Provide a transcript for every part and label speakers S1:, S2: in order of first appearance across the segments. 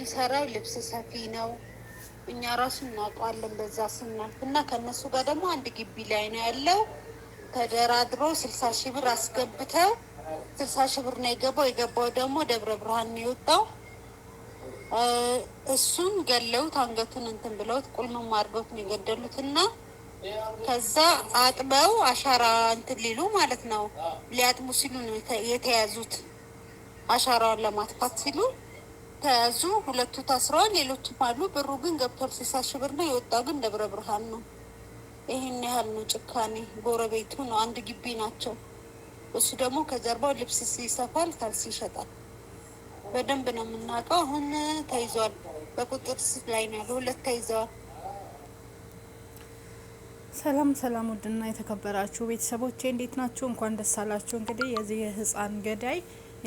S1: የሚሰራው ልብስ ሰፊ ነው። እኛ ራሱ እናውቀዋለን። በዛ ስናልፍ እና ከእነሱ ጋር ደግሞ አንድ ግቢ ላይ ነው ያለው። ተደራድሮ ስልሳ ሺህ ብር አስገብተው ስልሳ ሺህ ብር ነው የገባው። የገባው ደግሞ ደብረ ብርሃን ነው የወጣው። እሱን ገለውት አንገቱን እንትን ብለውት ቁልምም አድርገውት ነው የገደሉት እና ከዛ አጥበው አሻራ እንትን ሊሉ ማለት ነው ሊያጥቡ ሲሉ ነው የተያዙት አሻራውን ለማጥፋት ሲሉ ተያዙ። ሁለቱ ታስረዋል፣ ሌሎችም አሉ። ብሩ ግን ገብቷል። ስልሳ ሺህ ብር ነው የወጣው፣ ግን ደብረ ብርሃን ነው። ይህን ያህል ነው ጭካኔ። ጎረቤቱ ነው፣ አንድ ግቢ ናቸው። እሱ ደግሞ ከጀርባው ልብስ ይሰፋል፣ ካልሲ ይሸጣል። በደንብ ነው የምናውቀው። አሁን ተይዟል፣ በቁጥር ስር ላይ ነው ያለ። ሁለት ተይዘዋል። ሰላም ሰላም፣ ውድና የተከበራችሁ ቤተሰቦቼ እንዴት ናችሁ? እንኳን ደስ አላችሁ። እንግዲህ የዚህ የህፃን ገዳይ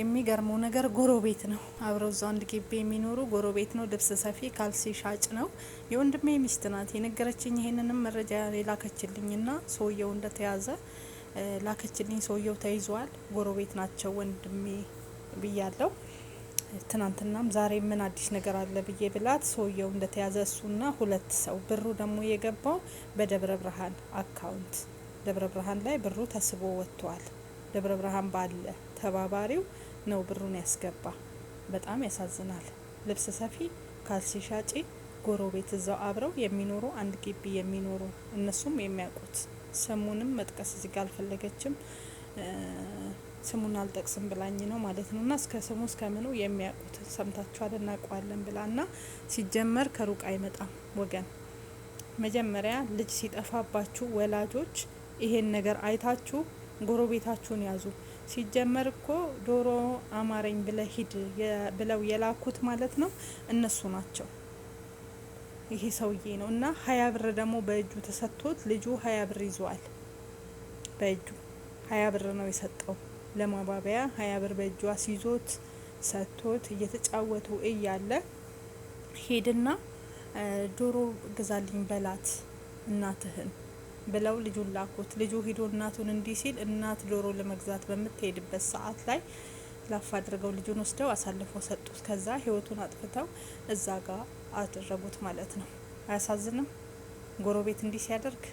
S1: የሚገርመው ነገር ጎረቤት ነው። አብረው እዛው አንድ ግቢ የሚኖሩ ጎረቤት ነው። ልብስ ሰፊ፣ ካልሲ ሻጭ ነው። የወንድሜ ሚስት ናት የነገረችኝ። ይሄንንም መረጃ የላከችልኝ ና ሰውየው እንደተያዘ ላከችልኝ። ሰውየው ተይዟል። ጎረቤት ናቸው ወንድሜ ብያለው። ትናንትናም ዛሬ ምን አዲስ ነገር አለ ብዬ ብላት ሰውየው እንደተያዘ እሱና ሁለት ሰው። ብሩ ደግሞ የገባው በደብረ ብርሃን አካውንት፣ ደብረ ብርሃን ላይ ብሩ ተስቦ ወጥቷል። ደብረ ብርሃን ባለ ተባባሪው ነው ብሩን ያስገባ። በጣም ያሳዝናል። ልብስ ሰፊ፣ ካልሲ ሻጪ፣ ጎረቤት እዛው አብረው የሚኖሩ አንድ ግቢ የሚኖሩ እነሱም የሚያውቁት ስሙንም መጥቀስ እዚህ ጋር አልፈለገችም። ስሙን አልጠቅስም ብላኝ ነው ማለት ነው። እና እስከ ስሙ እስከ ምኑ የሚያውቁት ሰምታችኋል፣ እናውቀዋለን ብላ እና ሲጀመር ከሩቅ አይመጣም ወገን። መጀመሪያ ልጅ ሲጠፋባችሁ ወላጆች ይሄን ነገር አይታችሁ ጎረቤታችሁን ያዙ። ሲጀመር እኮ ዶሮ አማረኝ ብለ ሂድ ብለው የላኩት ማለት ነው እነሱ ናቸው። ይሄ ሰውዬ ነው እና ሀያ ብር ደግሞ በእጁ ተሰጥቶት ልጁ ሀያ ብር ይዟል። በእጁ ሀያ ብር ነው የሰጠው ለማባበያ ሀያ ብር በእጁ አስይዞት ሰጥቶት እየተጫወቱ እያለ ሄድና ዶሮ ግዛልኝ በላት እናትህን ብለው ልጁን ላኩት። ልጁ ሂዶ እናቱን እንዲህ ሲል እናት ዶሮ ለመግዛት በምትሄድበት ሰዓት ላይ ላፍ አድርገው ልጁን ወስደው አሳልፎ ሰጡት። ከዛ ህይወቱን አጥፍተው እዛ ጋር አደረጉት ማለት ነው። አያሳዝንም? ጎረቤት እንዲህ ሲያደርግ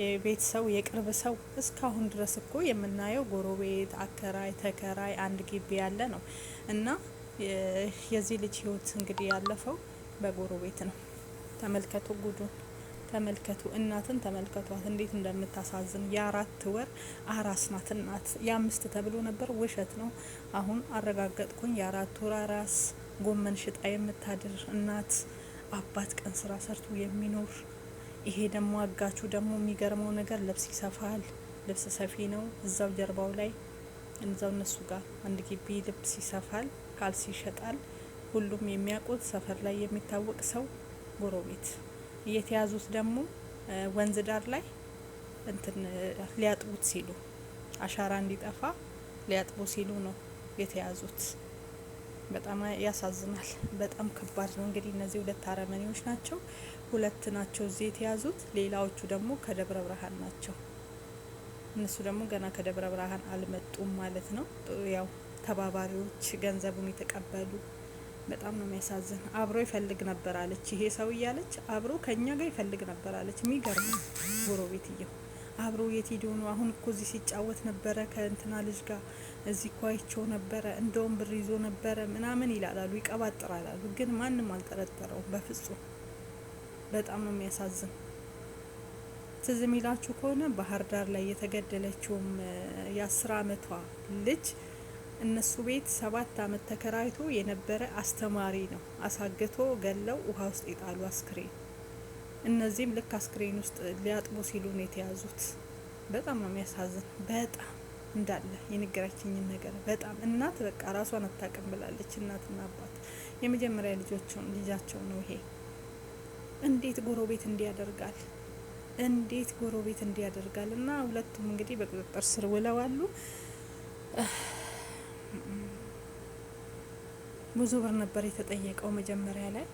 S1: የቤት ሰው የቅርብ ሰው እስካሁን ድረስ እኮ የምናየው ጎረቤት፣ አከራይ፣ ተከራይ አንድ ግቢ ያለ ነው እና የዚህ ልጅ ህይወት እንግዲህ ያለፈው በጎረቤት ነው። ተመልከቱ ጉዱን። ተመልከቱ፣ እናትን ተመልከቷት እንዴት እንደምታሳዝን የአራት ወር አራስ ናት እናት። የአምስት ተብሎ ነበር ውሸት ነው። አሁን አረጋገጥኩኝ። የአራት ወር አራስ ጎመን ሽጣ የምታድር እናት፣ አባት ቀን ስራ ሰርቶ የሚኖር ይሄ ደግሞ አጋቹ ደግሞ የሚገርመው ነገር ልብስ ይሰፋል። ልብስ ሰፊ ነው። እዛው ጀርባው ላይ እዛው እነሱ ጋር አንድ ግቢ ልብስ ይሰፋል፣ ካልሲ ይሸጣል። ሁሉም የሚያውቁት ሰፈር ላይ የሚታወቅ ሰው ጎረቤት የተያዙት ደግሞ ወንዝ ዳር ላይ እንትን ሊያጥቡት ሲሉ አሻራ እንዲጠፋ ሊያጥቡ ሲሉ ነው የተያዙት። በጣም ያሳዝናል። በጣም ከባድ ነው። እንግዲህ እነዚህ ሁለት አረመኔዎች ናቸው። ሁለት ናቸው እዚህ የተያዙት፣ ሌላዎቹ ደግሞ ከደብረ ብርሃን ናቸው። እነሱ ደግሞ ገና ከደብረ ብርሃን አልመጡም ማለት ነው። ያው ተባባሪዎች ገንዘቡን የተቀበሉ በጣም ነው የሚያሳዝን። አብሮ ይፈልግ ነበር አለች ይሄ ሰው እያለች አብሮ ከኛ ጋር ይፈልግ ነበር አለች። የሚገርም ጎረቤት እየው አብሮ የት ሄዶ ነው? አሁን እኮ እዚህ ሲጫወት ነበረ ከእንትና ልጅ ጋር እዚህ እኮ አይቼው ነበረ፣ እንደውም ብር ይዞ ነበረ ምናምን ይላላሉ፣ ይቀባጥራላሉ። ግን ማንም አልጠረጠረው በፍጹም። በጣም ነው የሚያሳዝን። ትዝ የሚላችሁ ከሆነ ባህር ዳር ላይ የተገደለችውም የአስር አመቷ ልጅ እነሱ ቤት ሰባት አመት ተከራይቶ የነበረ አስተማሪ ነው። አሳግቶ ገለው ውሃ ውስጥ የጣሉ አስክሬን። እነዚህም ልክ አስክሬን ውስጥ ሊያጥቡ ሲሉ ነው የተያዙት። በጣም ነው የሚያሳዝን። በጣም እንዳለ የነገራችኝን ነገር በጣም እናት በቃ ራሷን አታውቅም ብላለች። እናትና አባት የመጀመሪያ ልጆቸውን ልጃቸው ነው ይሄ። እንዴት ጎረቤት እንዲያደርጋል እንዴት ጎረቤት እንዲያደርጋል እና ሁለቱም እንግዲህ በቁጥጥር ስር ውለዋሉ። ብዙ ብር ነበር የተጠየቀው መጀመሪያ ላይ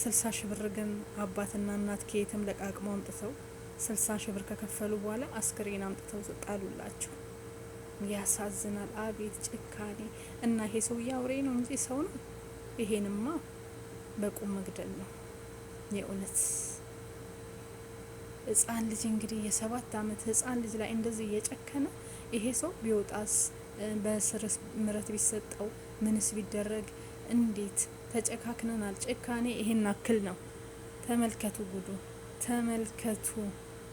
S1: ስልሳ ሺ ብር ግን አባትና እናት ከየትም ለቃቅሞ አምጥተው ስልሳ ሺ ብር ከከፈሉ በኋላ አስክሬን አምጥተው ጣሉላቸው። ያሳዝናል። አቤት ጭካኔ እና ይሄ ሰውዬ አውሬ ነው እንጂ ሰው ነው። ይሄንማ በቁም መግደል ነው የእውነት። ህጻን ልጅ እንግዲህ የሰባት አመት ህጻን ልጅ ላይ እንደዚህ እየጨከነ ይሄ ሰው ቢወጣስ፣ በስርስ ምረት ቢሰጠው፣ ምንስ ቢደረግ እንዴት ተጨካክነናል። ጭካኔ ይሄን አክል ነው። ተመልከቱ ጉዱ ተመልከቱ።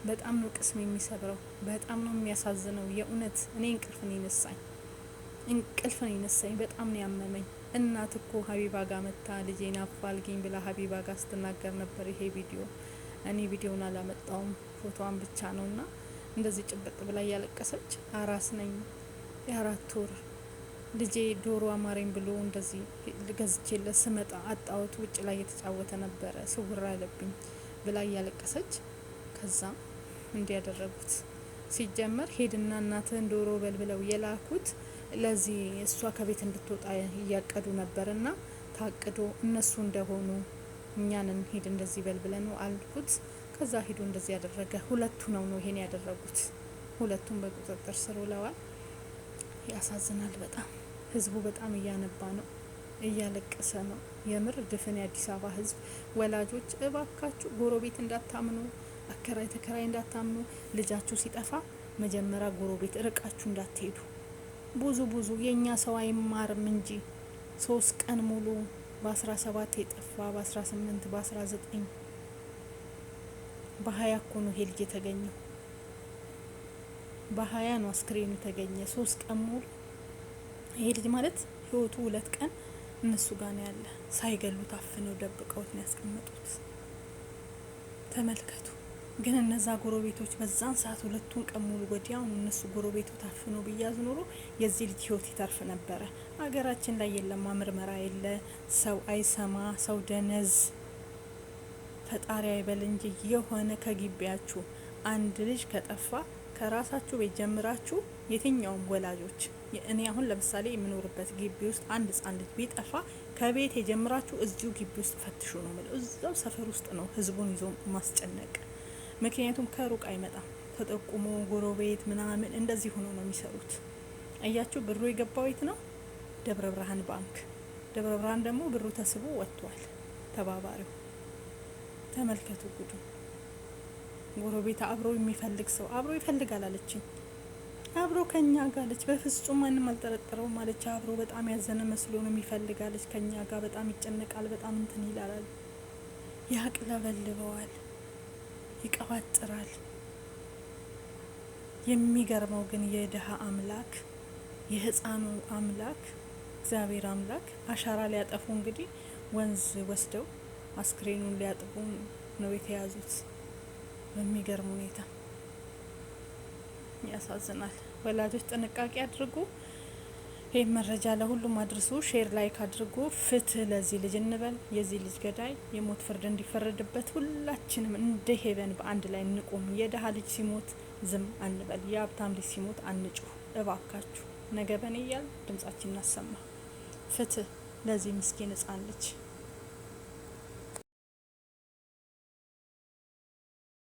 S1: በጣም ነው ቅስም የሚሰብረው። በጣም ነው የሚያሳዝነው። የእውነት እኔ እንቅልፍ ነው ይነሳኝ፣ እንቅልፍ ነው ይነሳኝ። በጣም ነው ያመመኝ። እናት እኮ ሀቢባ ጋር መታ ልጄን አፋልጊኝ ብላ ሀቢባ ጋ ስትናገር ነበር። ይሄ ቪዲዮ እኔ ቪዲዮን አላመጣውም ፎቶዋን ብቻ ነውና እንደዚህ ጭብጥ ብላ እያለቀሰች አራስ ነኝ የአራት ወር ልጄ ዶሮ አማረኝ ብሎ እንደዚህ ገዝቼለ ስመጣ አጣሁት፣ ውጭ ላይ የተጫወተ ነበረ፣ ስውር አለብኝ ብላ እያለቀሰች ከዛ እንዲያደረጉት ሲጀመር ሄድና እናትህን ዶሮ በል ብለው የላኩት ለዚህ እሷ ከቤት እንድትወጣ እያቀዱ ነበርና ታቅዶ እነሱ እንደሆኑ እኛንን ሄድ እንደዚህ በል ብለ ነው አልኩት። ከዛ ሄዶ እንደዚህ ያደረገ ሁለቱ ነው ነው ይሄን ያደረጉት። ሁለቱም በቁጥጥር ስር ውለዋል። ያሳዝናል። በጣም ህዝቡ በጣም እያነባ ነው፣ እያለቀሰ ነው። የምር ድፍን የአዲስ አበባ ህዝብ ወላጆች እባካችሁ ጎረቤት እንዳታምኑ፣ አከራይ ተከራይ እንዳታምኑ፣ ልጃችሁ ሲጠፋ መጀመሪያ ጎረቤት ርቃችሁ እንዳትሄዱ። ብዙ ብዙ የእኛ ሰው አይማርም እንጂ ሶስት ቀን ሙሉ በአስራ ሰባት የጠፋ በአስራ ስምንት በአስራ ዘጠኝ በሀያ እኮ ነው ይሄ ልጅ የተገኘው። በሀያ ነው አስክሬኑ የተገኘ። ሶስት ቀን ሙሉ ይሄ ልጅ ማለት ህይወቱ ሁለት ቀን እነሱ ጋር ነው ያለ። ሳይገሉት አፍነው ደብቀውት ነው ያስቀመጡት። ተመልከቱ። ግን እነዛ ጎረቤቶች በዛን ሰዓት ሁለቱን ቀን ሙሉ ወዲያውኑ እነሱ ጎረቤቱ ታፍነው ብያዝ ኖሮ የዚህ ልጅ ህይወት ይተርፍ ነበረ። ሀገራችን ላይ የለማ ምርመራ የለ፣ ሰው አይሰማ፣ ሰው ደነዝ። ፈጣሪ አይበል እንጂ የሆነ ከግቢያችሁ አንድ ልጅ ከጠፋ ከራሳችሁ ቤት ጀምራችሁ የትኛውም ወላጆች እኔ አሁን ለምሳሌ የምኖርበት ግቢ ውስጥ አንድ ህጻን ልጅ ቢጠፋ ከቤት የጀምራችሁ እዚሁ ግቢ ውስጥ ፈትሹ ነው የምለው። እዛው ሰፈር ውስጥ ነው ህዝቡን ይዞ ማስጨነቅ። ምክንያቱም ከሩቅ አይመጣም ተጠቁሞ ጎረቤት ምናምን እንደዚህ ሆኖ ነው የሚሰሩት። እያችሁ ብሩ የገባው የት ነው? ደብረ ብርሃን ባንክ። ደብረ ብርሃን ደግሞ ብሩ ተስቦ ወጥቷል። ተባባሪው ተመልከቱ ጉዱ ጎረቤት አብሮ የሚፈልግ ሰው አብሮ ይፈልጋል አለችኝ። አብሮ ከኛ ጋር አለች። በፍጹም ማንም አልጠረጠረውም አለች። አብሮ በጣም ያዘነ መስሎ ነው የሚፈልግ አለች። ከኛ ጋር በጣም ይጨነቃል፣ በጣም እንትን ይላል፣ ያቅለበልበዋል፣ ይቀባጥራል። የሚገርመው ግን የድሀ አምላክ የህፃኑ አምላክ እግዚአብሔር አምላክ አሻራ ሊያጠፉ እንግዲህ ወንዝ ወስደው አስክሬኑን ሊያጥቡ ነው የተያዙት። በሚገርም ሁኔታ ያሳዝናል። ወላጆች ጥንቃቄ አድርጉ። ይህ መረጃ ለሁሉም አድርሱ። ሼር ላይክ አድርጉ። ፍትህ ለዚህ ልጅ እንበል። የዚህ ልጅ ገዳይ የሞት ፍርድ እንዲፈረድበት ሁላችንም እንደ ሄቨን በአንድ ላይ እንቁም። የድሀ ልጅ ሲሞት ዝም አንበል። የሀብታም ልጅ ሲሞት አንጩ እባካችሁ ነገ በን እያል ድምጻችን እናሰማ። ፍትህ ለዚህ ምስኪን ህጻን ልጅ